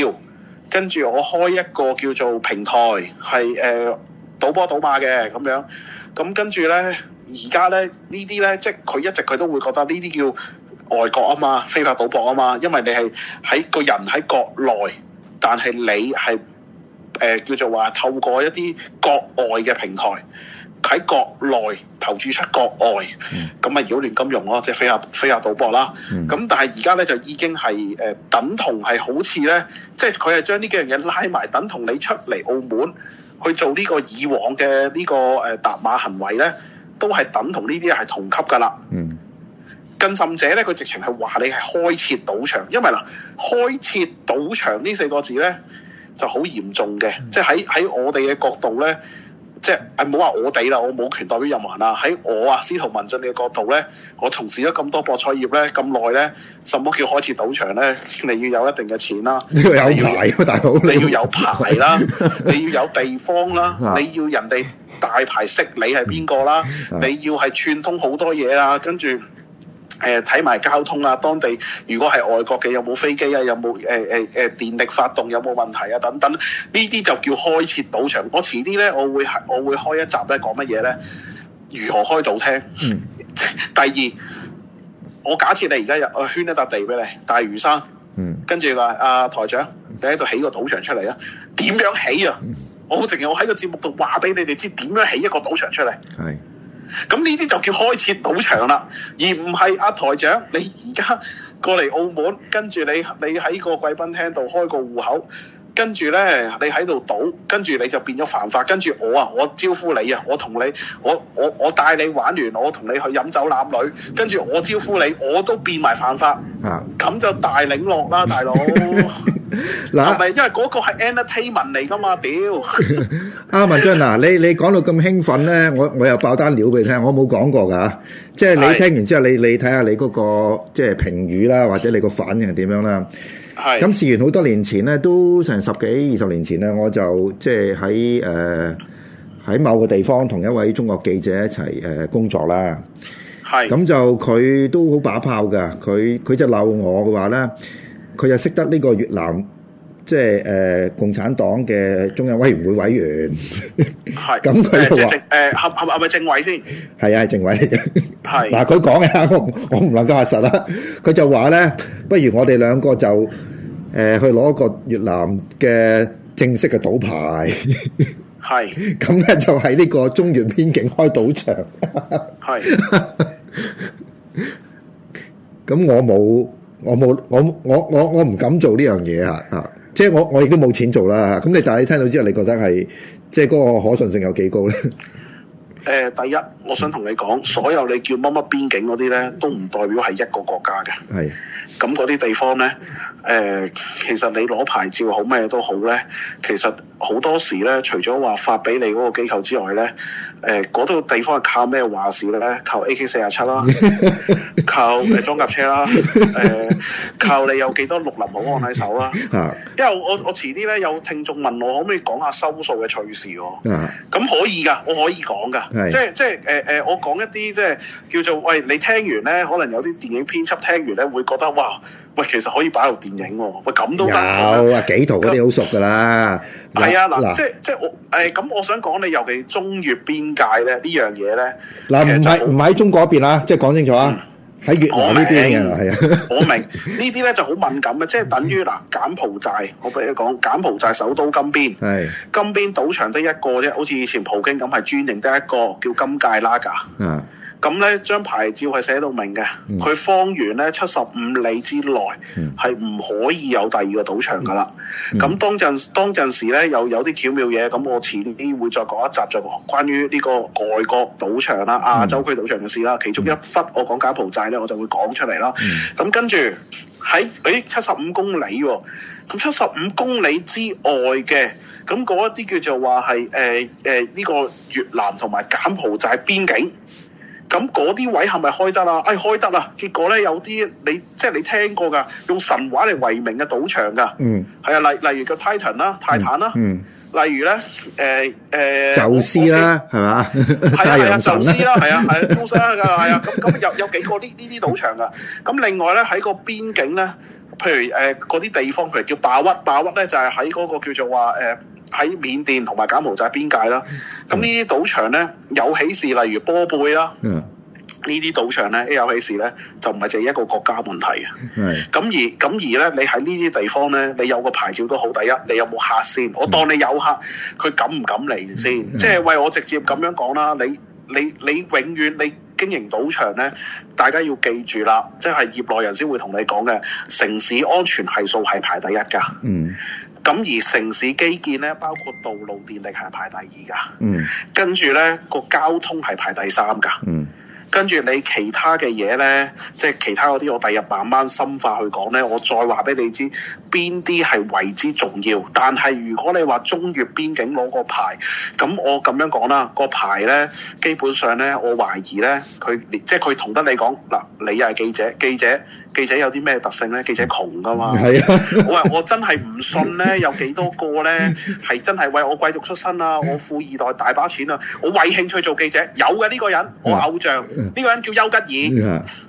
S2: 跟住我開一個叫做平台，係誒、呃、賭波賭馬嘅咁樣，咁跟住咧。而家咧呢啲咧，即係佢一直佢都會覺得呢啲叫外國啊嘛，非法賭博啊嘛，因為你係喺個人喺國內，但係你係誒叫做話透過一啲國外嘅平台喺國內投注出國外，咁啊擾亂金融咯，即係非法非法賭博啦。咁、mm. 但係而家咧就已經係誒等同係好似咧，即係佢係將呢幾樣嘢拉埋，等同你出嚟澳門去做呢個以往嘅呢個誒打馬行為咧。都係等同呢啲係同級噶啦。嗯，更甚者咧，佢直情係話你係開設賭場，因為嗱，開設賭場呢四個字咧就好嚴重嘅，嗯、即係喺喺我哋嘅角度咧。即係，唔好話我哋啦，我冇權代表任何人啦。喺我啊，司徒文進嘅角度咧，我從事咗咁多博彩業咧咁耐咧，什麼叫開始賭場咧？你要有一定嘅錢啦，你要有牌，
S1: 大佬，你要有牌啦，
S2: 你要有地方啦， 你要人哋大牌識你係邊個啦， 你要係串通好多嘢啊，跟住。誒睇埋交通啊，當地如果係外國嘅有冇飛機啊，有冇誒誒誒電力發動有冇問題啊等等，呢啲就叫開設賭場。我遲啲咧，我會我會開一集咧講乜嘢咧，如何開賭廳？嗯，第二，我假設你而家入，我、呃、圈一笪地俾你，大嶼山，嗯，跟住話，啊，台長，你喺度起個賭場出嚟啊，點樣起啊？我淨係我喺個節目度話俾你哋知點樣起一個賭場出嚟，係、嗯。咁呢啲就叫開設賭場啦，而唔係啊台長，你而家過嚟澳門，跟住你你喺個貴賓廳度開個戶口。跟住咧，你喺度賭，跟住你就變咗犯法。跟住我啊，我招呼你啊，我同你，我我我帶你玩完，我同你去飲酒攬女。跟住我招呼你，我都變埋犯法。啊，咁就大領落啦，大佬。
S1: 嗱， 係
S2: 咪因為嗰個係 entertainment 嚟噶嘛？屌
S1: 啊。阿文進，嗱，你你講到咁興奮咧，我我又爆單料俾你聽，我冇講過噶吓。即係你聽完之後，你你睇下你嗰個即係評語啦，或者你個反應係點樣啦。咁是事源好多年前咧，都成十幾二十年前咧，我就即係喺誒喺某個地方同一位中國記者一齊誒、呃、工作啦。係咁是就佢都好把炮嘅，佢佢就鬧我話，佢話咧佢又識得呢個越南。即係誒，共產黨嘅中央委員會委員，係咁佢就話誒，合
S2: 合
S1: 係咪政委先？係啊，係政委嚟嘅。係嗱，佢講嘅，我我唔能夠核實啦。佢就話咧，不如我哋兩個就誒去攞個越南嘅正式嘅賭牌，係咁咧就喺呢個中原邊境開賭場，係咁我冇，我冇，我我我我唔敢做呢樣嘢啊啊！即係我我亦都冇錢做啦，咁你但係聽到之後，你覺得係即係嗰個可信性有幾高咧？
S2: 誒、呃，第一，我想同你講，所有你叫乜乜邊境嗰啲咧，都唔代表係一個國家嘅。係咁嗰啲地方咧，誒、呃，其實你攞牌照好咩都好咧，其實好多時咧，除咗話發俾你嗰個機構之外咧。誒，嗰度、呃那個，地方係靠咩話事嘅咧？靠 AK47 啦， 靠誒裝甲車啦，誒、呃，靠你有幾多綠林好漢喺手啦。啊、因為我我遲啲咧有聽眾問我可唔可以講下收數嘅趣事喎？啊，咁、啊、可以噶，我可以講噶是，即係即係誒誒，我講一啲即係叫做，喂，你聽完咧，可能有啲電影編輯聽完咧會覺得哇。喂，其實可以擺入電影喎。喂，咁都得，有
S1: 啊幾套嗰啲好熟噶啦。係啊，嗱，即
S2: 即我誒咁，我想講你，尤其中越邊界咧呢樣嘢咧，
S1: 嗱唔係唔係喺中國一邊啦，即係講清楚啊，喺越南呢邊我明係啊，
S2: 我明呢啲咧就好敏感嘅，即係等於嗱柬埔寨，我俾你講，柬埔寨首都金邊，係金邊賭場得一個啫，好似以前葡京咁係專營得一個叫金界拉噶，嗯。咁咧，張牌照係寫到明嘅，佢、嗯、方圓咧七十五里之內係唔可以有第二個賭場噶啦。咁、嗯嗯、當陣當陣時咧，又有啲巧妙嘢。咁我遲啲會再講一集，就關於呢個外國賭場啦、亞洲區賭場嘅事啦。嗯、其中一忽，我講柬埔寨咧，我就會講出嚟啦。咁、嗯、跟住喺誒七十五公里喎、哦，咁七十五公里之外嘅，咁嗰一啲叫做話係誒誒呢個越南同埋柬埔寨邊境、邊境。咁嗰啲位係咪開得啦？哎，開得啦！結果咧有啲你即係你聽過㗎，用神話嚟為名嘅賭場㗎。嗯，係啊，例例如個 Titan 啦、泰坦啦，嗯嗯、例如咧，誒、呃、誒，宙
S1: 斯啦，係嘛的？係係啊，宙 斯 啦，係啊，係啊，
S2: 宙斯啊，係啊，咁咁有有幾個呢呢啲賭場㗎？咁另外咧喺個邊境咧。譬如誒嗰啲地方，譬如叫霸屈，霸屈咧就係喺嗰個叫做話誒喺緬甸同埋柬埔寨邊界啦。咁呢啲賭場咧有喜事，例如波貝啦、啊，呢啲、嗯、賭場咧一有喜事咧就唔係淨係一個國家問題嘅。咁是而咁而咧，而你喺呢啲地方咧，你有個牌照都好第一，你有冇客先？我當你有客，佢敢唔敢嚟先？嗯、即係為我直接咁樣講啦，你你你，你，你永遠，遠你。你你你經營賭場咧，大家要記住啦，即係業內人先會同你講嘅，城市安全係數係排第一噶。嗯，咁而城市基建咧，包括道路電力係排第二噶。嗯，跟住咧個交通係排第三噶。嗯。跟住你其他嘅嘢咧，即係其他嗰啲，我第日慢慢深化去講咧，我再話俾你知邊啲係為之重要。但係如果你話中越邊境攞個牌，咁我咁樣講啦，個牌咧基本上咧，我懷疑咧，佢即係佢同得你講嗱，你又係記者，記者。記者有啲咩特性呢？記者窮㗎嘛， 我話我真係唔信呢，有幾多個呢係真係為我貴族出身啊，我富二代大把錢啊，我為興趣做記者，有嘅呢、呢個人，我偶像，呢 個人叫丘吉爾。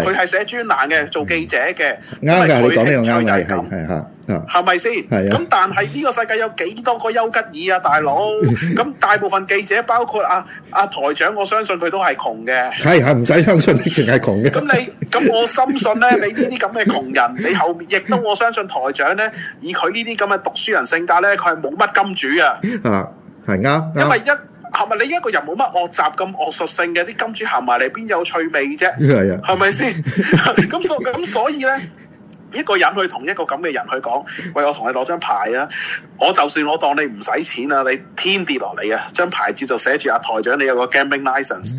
S2: 佢係寫專欄嘅，做記者嘅，
S1: 因為佢係最大感，係吓，係咪先？
S2: 係啊。咁但係呢個世界有幾多個丘吉爾啊，大佬？咁大部分記者，包括阿阿台長，我相信佢都係窮嘅。
S1: 係啊，唔使相信，直情係窮嘅。咁你
S2: 咁我深信咧，你呢啲咁嘅窮人，你後面亦都我相信台長咧，以佢呢啲咁嘅讀書人性格咧，佢係冇乜金主啊。
S1: 啊，係啱。因
S2: 為一。係咪你一個人冇乜惡習，咁惡俗性嘅啲金主行埋嚟，邊有趣味啫？係啊 是吧，係咪先？咁所咁所以咧。一個人去同一個咁嘅人去講，喂，我同你攞張牌啊！我就算我當你唔使錢啊，你天跌落嚟啊！張牌照就寫住阿台長，你有個 gaming license，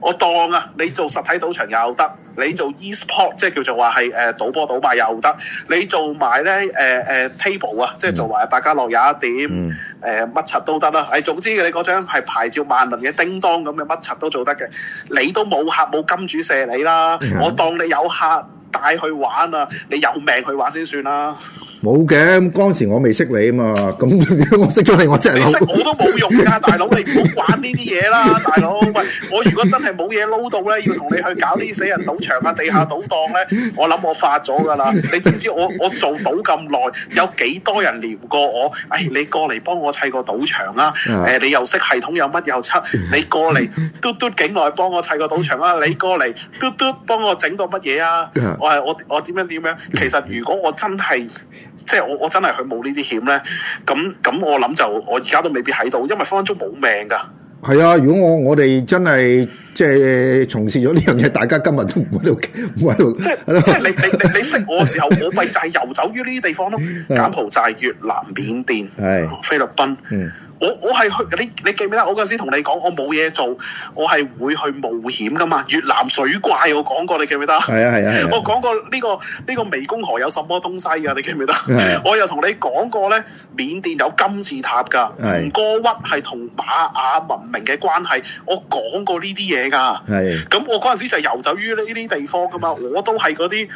S2: 我當啊，你做實體賭場又得，你做 e-sport 即係叫做話係誒賭波賭馬又得，你做埋咧誒誒 table 啊，即係做埋百家樂一點誒乜柒都得啦。誒總之你嗰張係牌照萬能嘅叮噹咁嘅乜柒都做得嘅，你都冇客冇金主射你啦，我當你有客。帶去玩啊！你有命去玩先算啦
S1: 啊。冇嘅，當時我未識你嘛，咁我識咗你，我真係你識我都冇用噶，大佬你
S2: 唔好玩呢啲嘢啦，大佬。喂，我如果真係冇嘢撈到咧，要同你去搞呢死人賭場啊、地下賭檔咧，我諗我發咗噶啦。你知唔知我我做賭咁耐，有幾多人撩過我？誒、哎，你過嚟幫我砌個賭場啊！誒、哎，你又識系統又乜又七。你過嚟嘟嘟境內幫我砌個賭場啊？你過嚟嘟嘟幫我整個乜嘢啊，啊？我係我我點樣點樣？其實如果我真係即係我我真係去冇呢啲險咧，咁咁我諗就我而家都未必喺度，因為分分鐘冇命噶。
S1: 係啊，如果我我哋真係即係從事咗呢樣嘢，大家今日都唔喺度，唔喺度，即係即係你你你
S2: 你識我嘅時候，我咪就係遊走於呢啲地方咯，柬埔寨、越南、緬甸、是菲律賓。嗯我我係去，你你記唔記得我嗰陣時同你講我冇嘢做，我係會去冒險噶嘛？越南水怪我講過，你記唔記得？係啊，係啊我講過呢、呢個呢、呢個湄公河有什麼東西噶、啊？你記唔記得？的我又同你講過咧，緬甸有金字塔噶，吳哥的窟係同馬雅文明嘅關係，我講過呢啲嘢噶。係咁的，那我嗰陣時就遊走於呢啲地方噶嘛，的我都係嗰啲。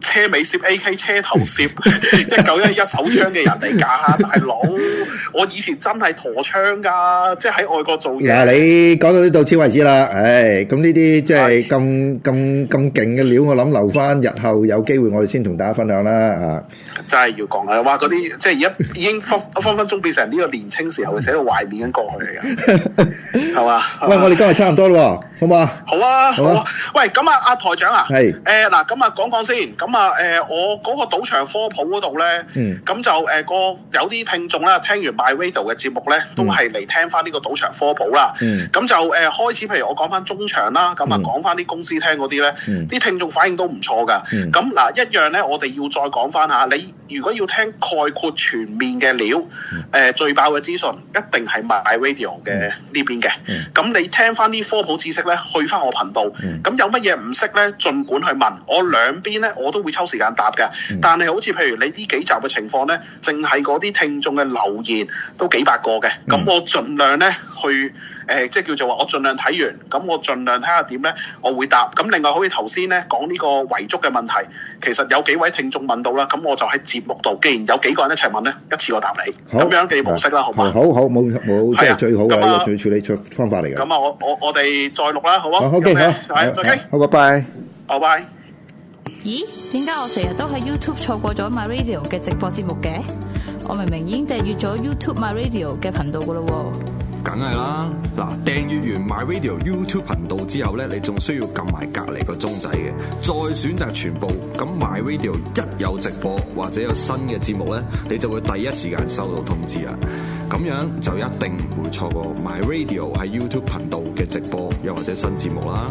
S2: 車尾攝 AK，車頭攝一九一一手槍嘅人嚟㗎，大佬，我以前真係陀槍㗎，即係喺外國做嘢。嗱、啊，你
S1: 講到呢度此為止啦，唉，咁呢啲即係咁咁咁勁嘅料，我諗留翻，日後有機會我哋先同大家分享啦，嚇。
S2: 真係要講啊，哇！嗰啲即係而家已經分分分鐘變成呢個年青時候寫到懷念嘅過去嚟㗎，係嘛？喂，我哋今日
S1: 差唔多啦，好唔好
S2: 啊？好啊，好啊。喂，咁啊，阿台長啊，係，誒嗱，咁啊，講講先。咁啊，誒，我嗰個賭場科普嗰度咧，咁就誒個有啲聽眾啦，聽完 My Radio 嘅節目咧，都係嚟聽翻呢個賭場科普啦。咁就誒開始，譬如我講翻中場啦，咁啊講翻啲公司聽嗰啲咧，啲聽眾反應都唔錯噶。咁嗱一樣咧，我哋要再講翻吓，你如果要聽概括全面嘅料，誒最爆嘅資訊一定係 My Radio 嘅呢邊嘅。咁你聽翻啲科普知識咧，去翻我頻道。咁有乜嘢唔識咧，盡管去問我兩邊咧，我都。都會抽時間答嘅，但係好似譬如你呢幾集嘅情況咧，淨係嗰啲聽眾嘅留言都幾百個嘅，咁我儘量咧去誒，即係叫做話，我儘量睇完，咁我儘量睇下點咧，我會答。咁另外好似頭先咧講呢個遺囑嘅問題，其實有幾位聽眾問到啦，咁我就喺節目度，既然有幾個人一齊問咧，一次過答你咁好樣嘅模式啦、啊吧
S1: 啊，好嘛？係好好冇冇，即係最好嘅處、啊啊、處理方法嚟嘅。咁啊，
S2: 啊，我我我哋再錄啦，好好 OK，好，okay, 有
S1: 有好拜拜，
S2: 拜。咦？點解我成日都喺 YouTube 錯過咗 My Radio 嘅直播節目嘅？我明明已經訂閱咗 YouTube My Radio 嘅頻道噶咯喎。梗係啦，嗱，訂閱完 My Radio YouTube 頻道之後咧，你仲需要撳埋隔籬個鐘仔嘅，再選擇全部。咁 My Radio 一有直播或者有新嘅節目咧，你就會第一時間收到通知啦！咁樣就一定唔會錯過 My Radio 喺 YouTube 頻道嘅直播又或者新節目啦。